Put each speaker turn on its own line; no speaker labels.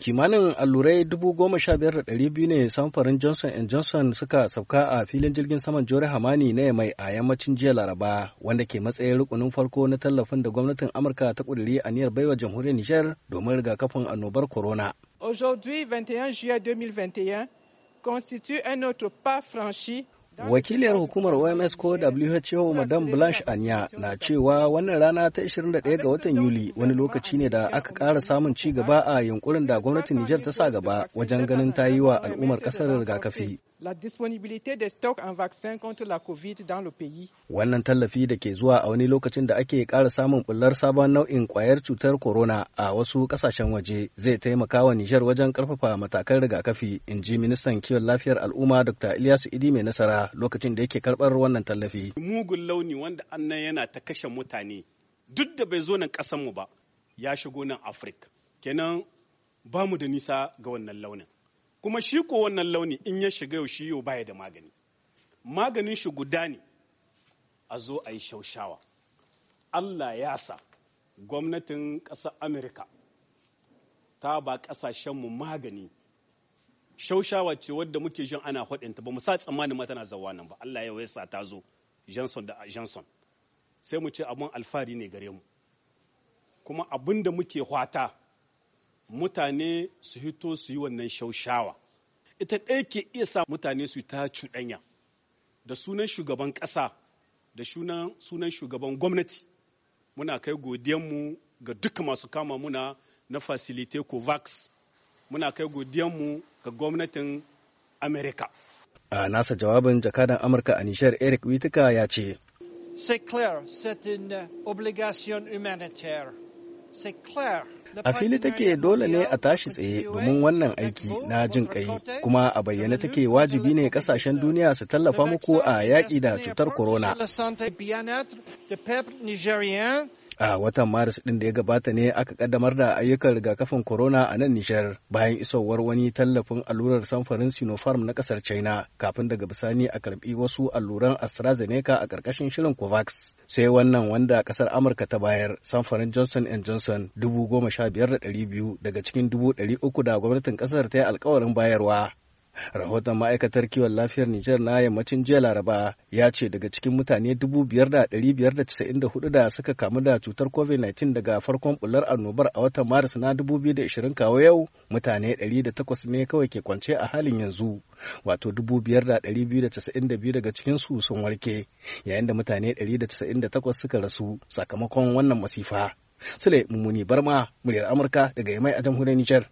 kimanin allurai biyu ne samfarin johnson johnson suka sauka a filin jirgin saman jore hamani na mai a yammacin jiya laraba wanda ke matsayin rukunin farko na tallafin da gwamnatin amurka ta kuduri aniyar baiwa jamhuriyar nijar domin rigakafin annobar corona
aujourd'hui 21 juillet 2021 constitue un autre pas franchi
Wakiliyar hukumar OMS ko WHO Madam Blanche Anya na cewa wannan rana ta 21 ga watan Yuli wani lokaci ne da aka ƙara samun ci gaba a yunkurin da gwamnatin Nijar ta sa gaba wajen ganin ta yi wa al'ummar ƙasar rigakafi. Wannan tallafi da ke zuwa a wani lokacin da ake kara samun bullar sabon nau'in kwayar cutar corona a wasu ƙasashen waje zai taimaka wa Nijar wajen ƙarfafa matakan rigakafi, in ji ministan kiwon lafiyar al'umma Dr. Ilyasu Idi mai nasara lokacin da yake karɓar wannan tallafi.
Mugun launi wanda annan yana ta kashe mutane duk da bai zo nan mu ba ya shigo nan Afirka. Kenan ba mu da nisa ga wannan launin. Kuma shi ko wannan launi in ya shiga yau shi yau baya da magani. Maganin shi guda ne a zo a yi shaushawa. Allah ya sa gwamnatin ƙasar Amurka ta ba ƙasashenmu magani shaushawa ce wadda muke jin ana hudinta ba mu sa tsammanin ma tana zawa nan ba Allah ya sa ta zo Johnson da Johnson sai mu ce abun alfari ne gare mu kuma abin da muke hwata mutane su hito su yi wannan shaushawa ita ɗaya ke iya sa mutane su ta cuɗanya da sunan shugaban ƙasa da sunan shugaban gwamnati muna kai mu ga duka masu kama muna na fasilite covax muna kai godiyanmu ga gwamnatin Amerika.
A nasa jawabin jakadan Amurka a Nishar Eric Witika ya ce, A fili take dole ne a tashi tsaye domin wannan aiki na jin kai kuma a bayyane take wajibi ne kasashen duniya su tallafa muku a yaƙi da cutar corona. A watan Maris ɗin da ya gabata ne aka kaddamar da ayyukan rigakafin corona a nan Nijar bayan isowar wani tallafin allurar samfarin Sinopharm na ƙasar China kafin daga bisani a karbi wasu alluran AstraZeneca a ƙarƙashin shirin COVAX. Sai wannan wanda ƙasar Amurka ta bayar samfarin Johnson Johnson dubu goma sha biyar da ɗari biyu daga cikin dubu ɗari uku da gwamnatin ƙasar ta yi alkawarin bayarwa. Rahoton ma'aikatar kiwon lafiyar Nijar na yammacin jiya Laraba ya ce daga cikin mutane 5,594 da suka kamu da cutar COVID-19 daga farkon bular annobar a watan Maris na 2020 kawo yau mutane 108 ne kawai ke kwance a halin yanzu, wato 5,292 daga cikinsu sun warke, yayin da mutane 198 suka rasu sakamakon wannan masifa. Sule Mummuni Barma, muryar Amurka daga Yamai a jamhuriyar Nijar.